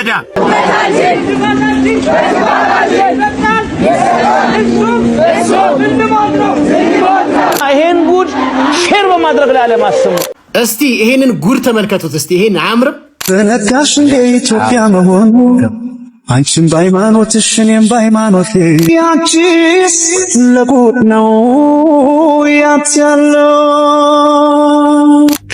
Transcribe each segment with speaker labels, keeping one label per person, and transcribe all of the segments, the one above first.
Speaker 1: ይረዳ።
Speaker 2: ይሄን ጉድ ሼር በማድረግ ላይ አለማስሙ።
Speaker 3: እስቲ ይሄንን ጉድ ተመልከቱት። እስቲ ይሄን አያምርም?
Speaker 4: በነጋሽ እንደ ኢትዮጵያ መሆኑ አንቺም በሃይማኖትሽ እኔም በሃይማኖቴ ያቺስ ለቁድ ነው ያት ያለው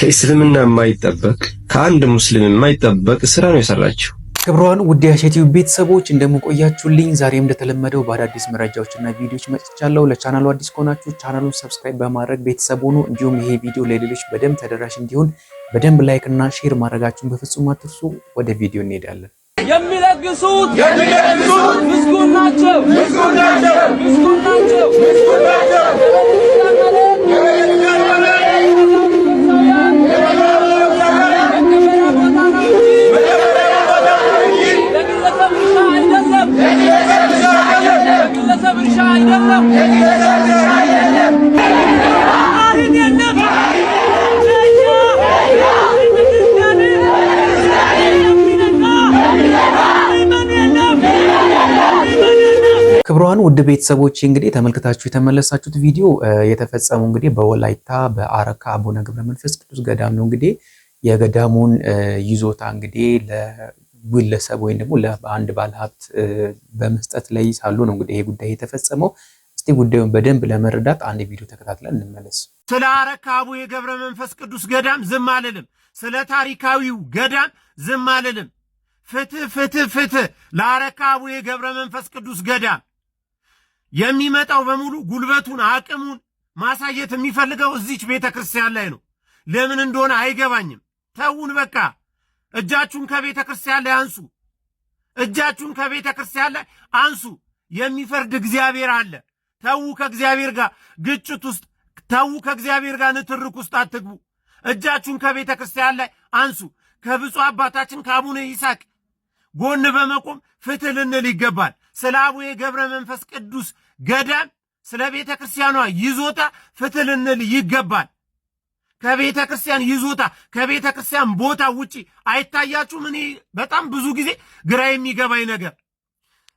Speaker 5: ከእስልምና የማይጠበቅ ከአንድ ሙስሊም የማይጠበቅ ስራ ነው የሰራችው።
Speaker 6: ክብሯን ውድ የዩቲዩብ ቤተሰቦች እንደምቆያችሁልኝ ዛሬም እንደተለመደው በአዳዲስ መረጃዎችና ቪዲዮዎች መጥቻለሁ። ለቻናሉ አዲስ ከሆናችሁ ቻናሉን ሰብስክራይብ በማድረግ ቤተሰብ ሆኑ። እንዲሁም ይሄ ቪዲዮ ለሌሎች በደንብ ተደራሽ እንዲሆን በደንብ ላይክ እና ሼር ማድረጋችሁን በፍጹም አትርሱ። ወደ ቪዲዮ እንሄዳለን።
Speaker 7: የሚለግሱት
Speaker 8: የሚለግሱት
Speaker 7: ናቸው ምስጉን ናቸው
Speaker 8: ምስጉን ናቸው
Speaker 7: ምስጉን ናቸው
Speaker 6: ውድ ቤተሰቦች እንግዲህ ተመልክታችሁ የተመለሳችሁት ቪዲዮ የተፈጸሙ እንግዲህ በወላይታ በአረካ አቡነ ገብረ መንፈስ ቅዱስ ገዳም ነው። እንግዲህ የገዳሙን ይዞታ እንግዲህ ለግለሰብ ወይም ደግሞ ለአንድ ባለሀብት በመስጠት ላይ ሳሉ ነው እንግዲህ ይሄ ጉዳይ የተፈጸመው። እስቲ ጉዳዩን በደንብ ለመረዳት አንድ ቪዲዮ ተከታትለን እንመለስ።
Speaker 1: ስለ አረካ አቡ የገብረ መንፈስ ቅዱስ ገዳም ዝም አልልም። ስለ ታሪካዊው ገዳም ዝም አልልም። ፍትህ፣ ፍትህ፣ ፍትህ ለአረካ አቡ የገብረ መንፈስ ቅዱስ ገዳም የሚመጣው በሙሉ ጉልበቱን አቅሙን ማሳየት የሚፈልገው እዚች ቤተ ክርስቲያን ላይ ነው። ለምን እንደሆነ አይገባኝም። ተውን በቃ። እጃችሁን ከቤተ ክርስቲያን ላይ አንሱ። እጃችሁን ከቤተ ክርስቲያን ላይ አንሱ። የሚፈርድ እግዚአብሔር አለ። ተዉ፣ ከእግዚአብሔር ጋር ግጭት ውስጥ ተዉ፣ ከእግዚአብሔር ጋር ንትርክ ውስጥ አትግቡ። እጃችሁን ከቤተ ክርስቲያን ላይ አንሱ። ከብፁ አባታችን ከአቡነ ይስሐቅ ጎን በመቆም ፍትህ ልንል ይገባል። ስለ አቡነ ገብረ መንፈስ ቅዱስ ገዳም፣ ስለ ቤተ ክርስቲያኗ ይዞታ ፍትልንል ልንል ይገባል። ከቤተ ክርስቲያን ይዞታ ከቤተ ክርስቲያን ቦታ ውጪ አይታያችሁም? እኔ በጣም ብዙ ጊዜ ግራ የሚገባኝ ነገር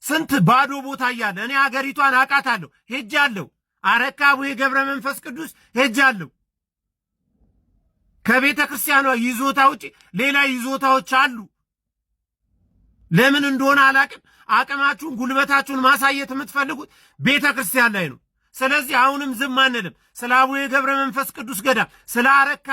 Speaker 1: ስንት ባዶ ቦታ እያለ እኔ ሀገሪቷን አውቃታለሁ፣ ሄጃለሁ። አረካ አቡነ ገብረ መንፈስ ቅዱስ ሄጃለሁ። ከቤተ ክርስቲያኗ ይዞታ ውጪ ሌላ ይዞታዎች አሉ። ለምን እንደሆነ አላቅም። አቅማችሁን ጉልበታችሁን ማሳየት የምትፈልጉት ቤተ ክርስቲያን ላይ ነው። ስለዚህ አሁንም ዝም አንልም። ስለ አቡዬ ገብረ መንፈስ ቅዱስ ገዳም ስለ አረካ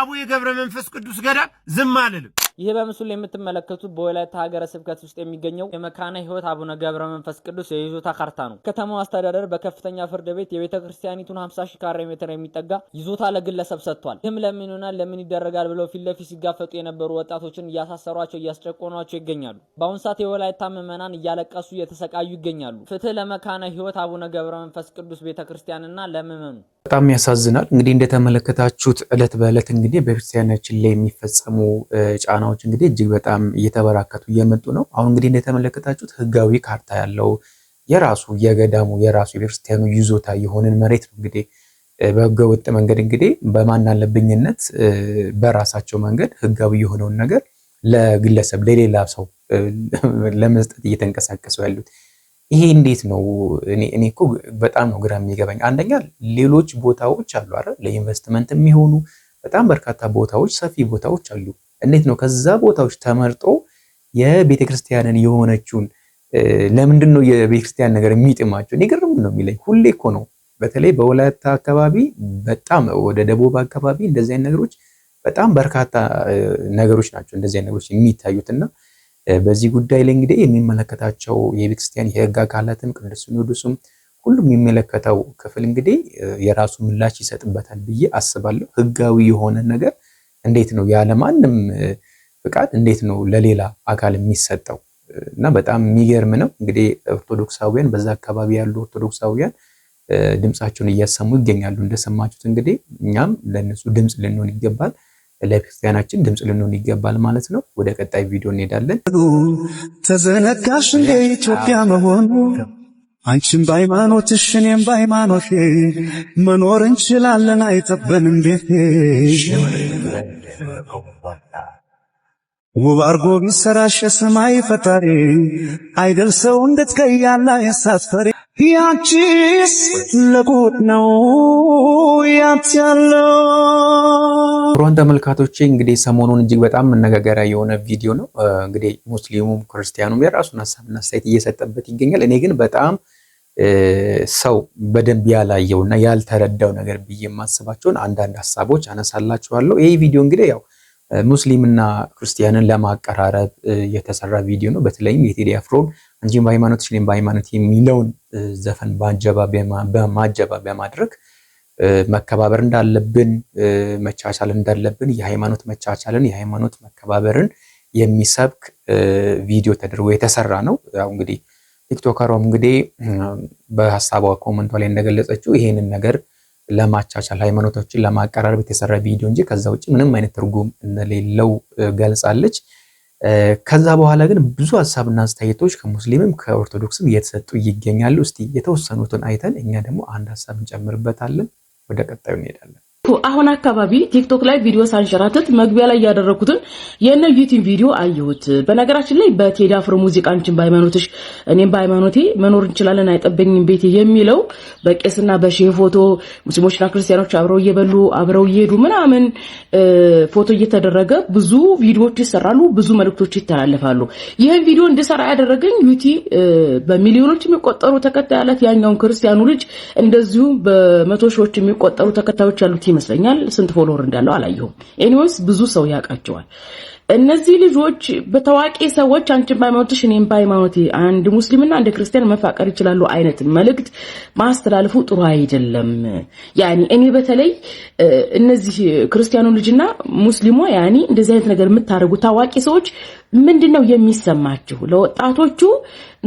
Speaker 1: አቡ ገብረ መንፈስ ቅዱስ ገዳም ዝም አልልም።
Speaker 9: ይህ በምስሉ ላይ የምትመለከቱት በወላይታ ሀገረ ስብከት ውስጥ የሚገኘው የመካነ ሕይወት አቡነ ገብረ መንፈስ ቅዱስ የይዞታ ካርታ ነው። ከተማው አስተዳደር በከፍተኛ ፍርድ ቤት የቤተ ክርስቲያኒቱን 50 ሺህ ካሬ ሜትር የሚጠጋ ይዞታ ለግለሰብ ሰጥቷል። ይህም ለምን ሆናል፣ ለምን ይደረጋል ብለው ፊት ለፊት ሲጋፈጡ የነበሩ ወጣቶችን እያሳሰሯቸው እያስጨቆኗቸው ይገኛሉ። በአሁን ሰዓት የወላይታ ምዕመናን እያለቀሱ እየተሰቃዩ ይገኛሉ። ፍትህ ለመካነ ሕይወት አቡነ ገብረ መንፈስ ቅዱስ ቤተ ክርስቲያንና ለምዕመኑ።
Speaker 10: በጣም ያሳዝናል። እንግዲህ እንደተመለከታችሁት እለት በእለት እንግዲህ በክርስቲያናችን ላይ የሚፈጸሙ ጫና ጫናዎች እንግዲህ እጅግ በጣም እየተበራከቱ እየመጡ ነው። አሁን እንግዲህ እንደተመለከታችሁት ህጋዊ ካርታ ያለው የራሱ የገዳሙ የራሱ የቤተክርስቲያኑ ይዞታ የሆንን መሬት ነው እንግዲህ በህገወጥ መንገድ እንግዲህ በማናለብኝነት በራሳቸው መንገድ ህጋዊ የሆነውን ነገር ለግለሰብ ለሌላ ሰው ለመስጠት እየተንቀሳቀሱ ያሉት ይሄ እንዴት ነው? እኔ እኮ በጣም ነው ግራ የሚገባኝ። አንደኛ ሌሎች ቦታዎች አሉ አይደል፣ ለኢንቨስትመንት የሚሆኑ በጣም በርካታ ቦታዎች ሰፊ ቦታዎች አሉ። እንዴት ነው ከዛ ቦታዎች ተመርጦ የቤተ ክርስቲያንን የሆነችውን ለምንድን ነው የቤተ ክርስቲያን ነገር የሚጥማቸው? እኔ ግርም ነው የሚለኝ ሁሌ እኮ ነው። በተለይ በወላይታ አካባቢ በጣም ወደ ደቡብ አካባቢ እንደዚህ አይነት ነገሮች በጣም በርካታ ነገሮች ናቸው እንደዚህ አይነት ነገሮች የሚታዩትና በዚህ ጉዳይ ላይ እንግዲህ የሚመለከታቸው የቤተ ክርስቲያን አካላትም ቅዱስ ሲኖዶሱም ሁሉም የሚመለከተው ክፍል እንግዲህ የራሱ ምላሽ ይሰጥበታል ብዬ አስባለሁ። ህጋዊ የሆነ ነገር እንዴት ነው ያለ ማንም ፍቃድ እንዴት ነው ለሌላ አካል የሚሰጠው? እና በጣም የሚገርም ነው። እንግዲህ ኦርቶዶክሳውያን በዛ አካባቢ ያሉ ኦርቶዶክሳውያን ድምፃቸውን እያሰሙ ይገኛሉ። እንደሰማችሁት እንግዲህ እኛም ለእነሱ ድምፅ ልንሆን ይገባል፣ ለቤተክርስቲያናችን ድምፅ ልንሆን ይገባል ማለት ነው። ወደ ቀጣይ ቪዲዮ እንሄዳለን።
Speaker 4: ተዘነጋሽ እንደ ኢትዮጵያ መሆኑ አንቺም በሃይማኖትሽ እኔም በሃይማኖቴ መኖር እንችላለን አይጠበንም ቤቴ ውብ አርጎ ቢሰራሽ የሰማይ ፈጣሪ አይደል ሰው እንዴት ከያላ የሳት ያቺስ ለቁት ነው ያት ያለው
Speaker 11: ሮን ተመልካቶቼ እንግዲህ ሰሞኑን እጅግ በጣም መነጋገሪያ የሆነ ቪዲዮ ነው። እንግዲህ ሙስሊሙም ክርስቲያኑም የራሱን ሀሳብና አስተያየት እየሰጠበት ይገኛል። እኔ ግን በጣም ሰው በደንብ ያላየውና ያልተረዳው ነገር ብዬ የማስባቸውን አንዳንድ ሀሳቦች አነሳላችኋለሁ። ይህ ቪዲዮ እንግዲህ ያው ሙስሊምና ክርስቲያንን ለማቀራረብ የተሰራ ቪዲዮ ነው። በተለይም የቴዲ አፍሮን አንቺን በሃይማኖት እኔም በሃይማኖት የሚለውን ዘፈን በማጀባ በማድረግ መከባበር እንዳለብን፣ መቻቻል እንዳለብን የሃይማኖት መቻቻልን የሃይማኖት መከባበርን የሚሰብክ ቪዲዮ ተደርጎ የተሰራ ነው። ያው እንግዲህ ቲክቶከሯም እንግዲህ በሀሳቧ ኮመንቷ ላይ እንደገለጸችው ይሄንን ነገር ለማቻቻል ሃይማኖቶችን ለማቀራረብ የተሰራ ቪዲዮ እንጂ ከዛ ውጭ ምንም አይነት ትርጉም እንደሌለው ገልጻለች። ከዛ በኋላ ግን ብዙ ሀሳብና አስተያየቶች ከሙስሊምም ከኦርቶዶክስም እየተሰጡ ይገኛሉ። እስቲ የተወሰኑትን አይተን እኛ ደግሞ አንድ ሀሳብ እንጨምርበታለን። ወደ ቀጣዩ እንሄዳለን።
Speaker 12: አሁን አካባቢ ቲክቶክ ላይ ቪዲዮ ሳንሸራትት መግቢያ ላይ ያደረኩትን የነ ዩቲን ቪዲዮ አየሁት። በነገራችን ላይ በቴዲ አፍሮ ሙዚቃ አንቺን በሃይማኖትሽ እኔም በሃይማኖቴ መኖር እንችላለን አይጠበኝም ቤት የሚለው በቄስና በሼህ ፎቶ ሙስሊሞችና ክርስቲያኖች አብረው እየበሉ አብረው እየሄዱ ምናምን ፎቶ እየተደረገ ብዙ ቪዲዮዎች ይሰራሉ፣ ብዙ መልእክቶች ይተላለፋሉ። ይህን ቪዲዮ እንድሰራ ያደረገኝ ዩቲ በሚሊዮኖች የሚቆጠሩ ተከታይ ያላት ያኛውን ክርስቲያኑ ልጅ እንደዚሁ በመቶ ሺዎች የሚቆጠሩ ተከታዮች ያሉት ይመስለኛል። ስንት ፎሎወር እንዳለው አላየሁም። ኤኒዌይስ ብዙ ሰው ያውቃቸዋል። እነዚህ ልጆች በታዋቂ ሰዎች አንቺን በሃይማኖትሽ እኔም በሃይማኖቴ አንድ ሙስሊምና አንድ ክርስቲያን መፋቀር ይችላሉ አይነት መልእክት ማስተላለፉ ጥሩ አይደለም። ያኒ እኔ በተለይ እነዚህ ክርስቲያኑ ልጅና ሙስሊሟ ያኒ እንደዚህ አይነት ነገር የምታደርጉ ታዋቂ ሰዎች ምንድን ነው የሚሰማችሁ? ለወጣቶቹ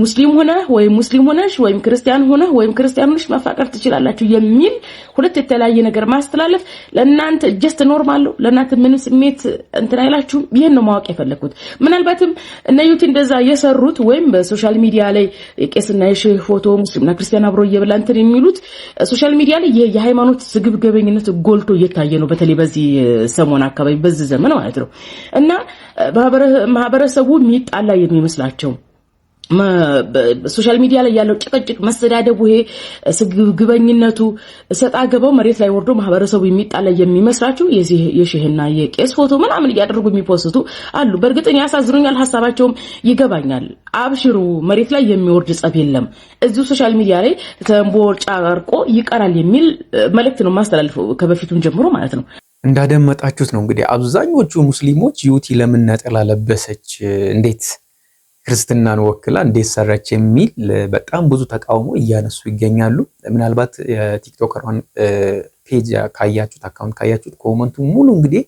Speaker 12: ሙስሊም ሆነህ ወይም ሙስሊም ሆነሽ ወይም ክርስቲያን ሆነህ ወይም ክርስቲያን ሆነሽ መፋቀር ትችላላችሁ የሚል ሁለት የተለያየ ነገር ማስተላለፍ ለእናንተ ጀስት ኖርማል ነው። ለእናንተ ምንም ስሜት እንትን አይላችሁም። ይህን ነው ማወቅ የፈለግኩት። ምናልባትም እነዩት እንደዛ የሰሩት ወይም በሶሻል ሚዲያ ላይ የቄስና የሼህ ፎቶ ሙስሊምና ክርስቲያን አብሮ እየበላ እንትን የሚሉት ሶሻል ሚዲያ ላይ የሃይማኖት ስግብገበኝነት ጎልቶ እየታየ ነው። በተለይ በዚህ ሰሞን አካባቢ በዚህ ዘመን ማለት ነው እና ማህበረሰቡ የሚጣላ የሚመስላቸው ሶሻል ሚዲያ ላይ ያለው ጭቅጭቅ፣ መሰዳደቡ፣ ይሄ ስግብግበኝነቱ፣ ሰጣ ገባው መሬት ላይ ወርዶ ማህበረሰቡ የሚጣላ የሚመስላቸው የሼህና የቄስ ፎቶ ምናምን እያደረጉ የሚፖስቱ አሉ። በእርግጥን ያሳዝኑኛል፣ ሀሳባቸውም ይገባኛል። አብሽሩ መሬት ላይ የሚወርድ ጸብ የለም። እዚሁ ሶሻል ሚዲያ ላይ ተንቦ ጫርቆ ይቀራል የሚል መልእክት ነው የማስተላልፈው ከበፊቱም ጀምሮ ማለት ነው።
Speaker 13: እንዳደመጣችሁት ነው እንግዲህ አብዛኞቹ ሙስሊሞች ዩቲ ለምን ነጠላ ለበሰች፣ እንዴት ክርስትናን ወክላ እንዴት ሰራች የሚል በጣም ብዙ ተቃውሞ እያነሱ ይገኛሉ። ምናልባት የቲክቶከሯን ፔጅ ካያችሁት፣ አካውንት ካያችሁት ኮመንቱ ሙሉ እንግዲህ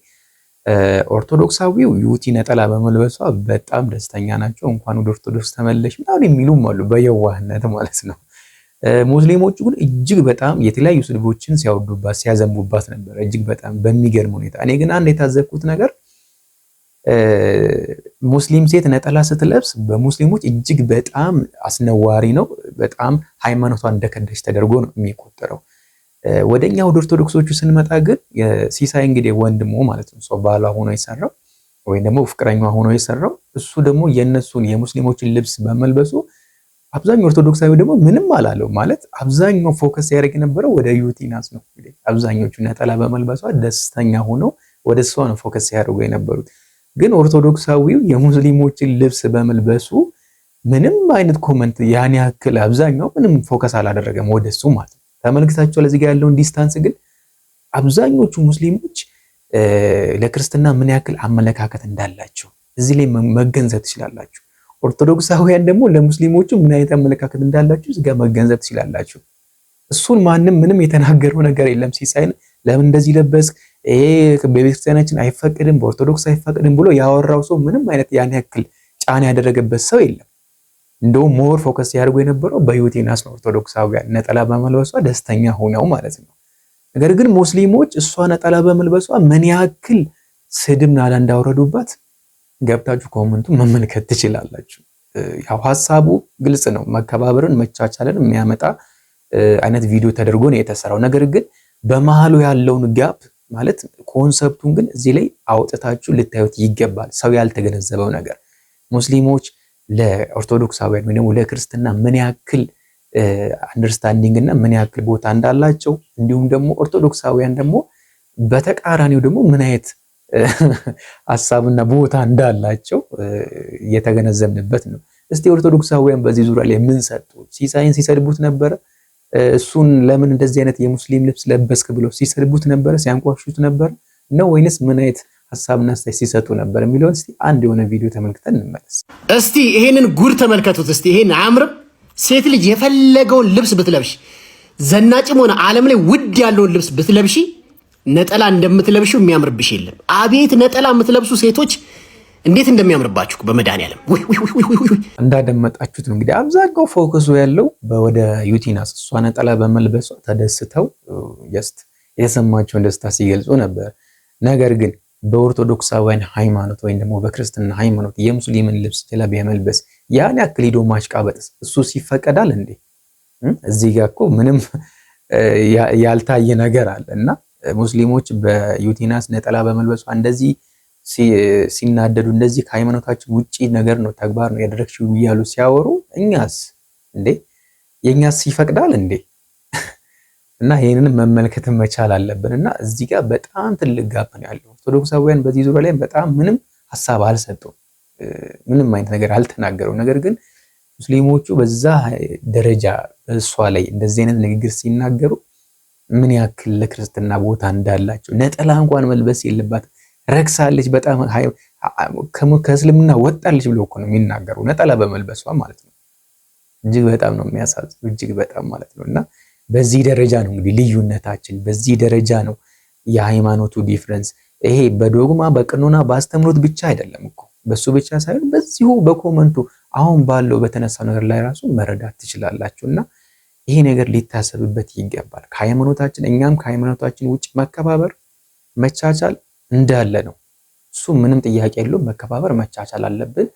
Speaker 13: ኦርቶዶክሳዊው ዩቲ ነጠላ በመልበሷ በጣም ደስተኛ ናቸው፣ እንኳን ወደ ኦርቶዶክስ ተመለሽ ምናምን የሚሉም አሉ፣ በየዋህነት ማለት ነው። ሙስሊሞቹ ግን እጅግ በጣም የተለያዩ ስድቦችን ሲያወዱባት ሲያዘንቡባት ነበር፣ እጅግ በጣም በሚገርም ሁኔታ። እኔ ግን አንድ የታዘብኩት ነገር ሙስሊም ሴት ነጠላ ስትለብስ በሙስሊሞች እጅግ በጣም አስነዋሪ ነው፣ በጣም ሃይማኖቷን እንደከደች ተደርጎ ነው የሚቆጠረው። ወደኛ ወደ ኦርቶዶክሶቹ ስንመጣ ግን ሲሳይ እንግዲህ ወንድሙ ማለት ነው ሰው ባሏ ሆኖ የሰራው ወይም ደግሞ ፍቅረኛ ሆኖ የሰራው እሱ ደግሞ የእነሱን የሙስሊሞችን ልብስ በመልበሱ አብዛኛው ኦርቶዶክሳዊ ደግሞ ምንም አላለው ማለት አብዛኛው ፎከስ ያደርግ የነበረው ወደ ዩቲናስ ነው። አብዛኞቹ ነጠላ በመልበሷ ደስተኛ ሆነው ወደ እሷ ነው ፎከስ ያደርጉ የነበሩት። ግን ኦርቶዶክሳዊው የሙስሊሞችን ልብስ በመልበሱ ምንም አይነት ኮመንት ያን ያክል አብዛኛው ምንም ፎከስ አላደረገም ወደ እሱ ማለት ነው። ተመልክታቸው ለዚህ ጋር ያለውን ዲስታንስ ግን አብዛኞቹ ሙስሊሞች ለክርስትና ምን ያክል አመለካከት እንዳላቸው እዚህ ላይ መገንዘብ ትችላላችሁ። ኦርቶዶክሳውያን ደግሞ ለሙስሊሞቹ ምን አይነት አመለካከት እንዳላችሁ እዚህ ጋር መገንዘብ ትችላላችሁ። እሱን ማንም ምንም የተናገረው ነገር የለም። ሲሳይን ለምን እንደዚህ ለበስ ይሄ በቤተክርስቲያናችን አይፈቅድም፣ በኦርቶዶክስ አይፈቅድም ብሎ ያወራው ሰው ምንም አይነት ያን ያክል ጫና ያደረገበት ሰው የለም። እንደውም ሞር ፎከስ ያደርጉ የነበረው በዩቴናስ ነው። ኦርቶዶክሳውያን ነጠላ በመልበሷ ደስተኛ ሆነው ማለት ነው። ነገር ግን ሙስሊሞች እሷ ነጠላ በመልበሷ ምን ያክል ስድብ ናላ እንዳወረዱባት ገብታችሁ ኮመንቱ መመልከት ትችላላችሁ። ያው ሀሳቡ ግልጽ ነው። መከባበርን መቻቻልን የሚያመጣ አይነት ቪዲዮ ተደርጎ ነው የተሰራው። ነገር ግን በመሃሉ ያለውን ጋፕ ማለት ኮንሰፕቱን ግን እዚህ ላይ አውጥታችሁ ልታዩት ይገባል። ሰው ያልተገነዘበው ነገር ሙስሊሞች ለኦርቶዶክሳውያን ወይ ደግሞ ለክርስትና ምን ያክል አንደርስታንዲንግ እና ምን ያክል ቦታ እንዳላቸው እንዲሁም ደግሞ ኦርቶዶክሳውያን ደግሞ በተቃራኒው ደግሞ ምን አይነት ሀሳብና ቦታ እንዳላቸው የተገነዘብንበት ነው። እስቲ ኦርቶዶክሳውያን በዚህ ዙሪያ ላይ ምን ሰጡ? ሲሳይን ሲሰድቡት ነበረ። እሱን ለምን እንደዚህ አይነት የሙስሊም ልብስ ለበስክ ብለው ሲሰድቡት ነበረ፣ ሲያንቋሹት ነበር ነው ወይንስ ምን አይነት ሀሳብና አስተያየት ሲሰጡ ነበር የሚለውን እስቲ አንድ የሆነ ቪዲዮ ተመልክተን እንመለስ።
Speaker 3: እስቲ ይሄንን ጉድ ተመልከቱት። እስቲ ይሄን አያምርም? ሴት ልጅ የፈለገውን ልብስ ብትለብሽ ዘናጭም ሆነ ዓለም ላይ ውድ ያለውን ልብስ ብትለብሽ? ነጠላ እንደምትለብሽው የሚያምርብሽ የለም። አቤት ነጠላ የምትለብሱ ሴቶች እንዴት እንደሚያምርባችሁ በመድኃኒዓለም
Speaker 14: እንዳደመጣችሁት እንግዲህ አብዛኛው ፎከሱ ያለው ወደ ዩቲናስ እሷ ነጠላ በመልበሷ ተደስተው የተሰማቸውን ደስታ ሲገልጹ ነበር። ነገር ግን በኦርቶዶክሳውያን ሃይማኖት ወይም ደግሞ በክርስትና ሃይማኖት የሙስሊምን ልብስ ጀለቢያ መልበስ ያን ያክል ሂዶ ማሽቃበጥስ እሱ ሲፈቀዳል እንዴ? እዚህ ጋር እኮ ምንም ያልታየ ነገር አለ እና ሙስሊሞች በዩቲናስ ነጠላ በመልበሷ እንደዚህ ሲናደዱ እንደዚህ ከሃይማኖታችን ውጪ ነገር ነው ተግባር ነው ያደረግሽው እያሉ ሲያወሩ እኛስ እንዴ የእኛስ ይፈቅዳል እንዴ? እና ይህንን መመልከት መቻል አለብን። እና እዚህ ጋር በጣም ትልቅ ጋፕ ነው ያለው። ኦርቶዶክሳውያን በዚህ ዙሪያ ላይ በጣም ምንም ሀሳብ አልሰጡም፣ ምንም አይነት ነገር አልተናገሩም። ነገር ግን ሙስሊሞቹ በዛ ደረጃ በእሷ ላይ እንደዚህ አይነት ንግግር ሲናገሩ ምን ያክል ለክርስትና ቦታ እንዳላቸው ነጠላ እንኳን መልበስ የለባት ረክሳለች፣ በጣም ከእስልምና ወጣለች ብሎ እኮ ነው የሚናገሩ ነጠላ በመልበሷ ማለት ነው። እጅግ በጣም ነው የሚያሳዝኑ፣ እጅግ በጣም ማለት ነው። እና በዚህ ደረጃ ነው እንግዲህ ልዩነታችን፣ በዚህ ደረጃ ነው የሃይማኖቱ ዲፍረንስ። ይሄ በዶግማ በቅኖና በአስተምሮት ብቻ አይደለም እኮ በሱ ብቻ ሳይሆን በዚሁ በኮመንቱ አሁን ባለው በተነሳው ነገር ላይ ራሱ መረዳት ትችላላችሁ እና ይሄ ነገር ሊታሰብበት ይገባል። ከሃይማኖታችን እኛም ከሃይማኖታችን ውጭ መከባበር መቻቻል እንዳለ ነው። እሱ ምንም ጥያቄ የለውም። መከባበር መቻቻል አለብን።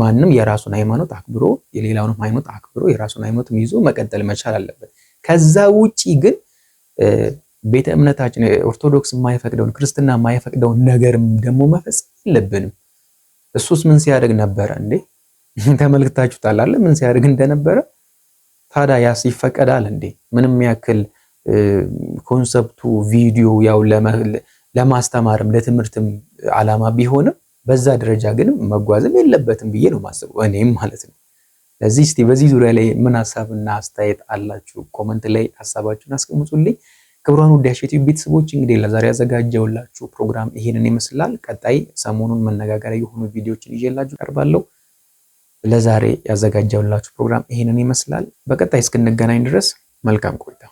Speaker 14: ማንም የራሱን ሃይማኖት አክብሮ የሌላውን ሃይማኖት አክብሮ የራሱን ሃይማኖት ይዞ መቀጠል መቻል አለበት። ከዛ ውጪ ግን ቤተ እምነታችን ኦርቶዶክስ የማይፈቅደውን ክርስትና የማይፈቅደውን ነገር ደግሞ መፈጸም የለብንም። እሱስ ምን ሲያደርግ ነበረ እንዴ? ታላለ ምን ሲያደርግ እንደነበረ ታዲያ ያስ ይፈቀዳል እንዴ? ምንም ያክል ኮንሰፕቱ ቪዲዮ ያው ለማስተማርም ለትምህርትም ዓላማ ቢሆንም በዛ ደረጃ ግን መጓዝም የለበትም ብዬ ነው ማስበው እኔም ማለት ነው። ለዚህ እስቲ በዚህ ዙሪያ ላይ ምን ሀሳብና አስተያየት አላችሁ? ኮመንት ላይ ሀሳባችሁን አስቀምጡልኝ። ክብሯን ውዳሽ ዩቲዩብ ቤተሰቦች እንግዲህ ለዛሬ ያዘጋጀውላችሁ ፕሮግራም ይሄንን ይመስላል። ቀጣይ ሰሞኑን መነጋገሪያ የሆኑ ቪዲዮዎችን ይዤላችሁ ቀርባለሁ። ለዛሬ ያዘጋጀውላችሁ ፕሮግራም ይህንን ይመስላል። በቀጣይ እስክንገናኝ ድረስ መልካም ቆይታ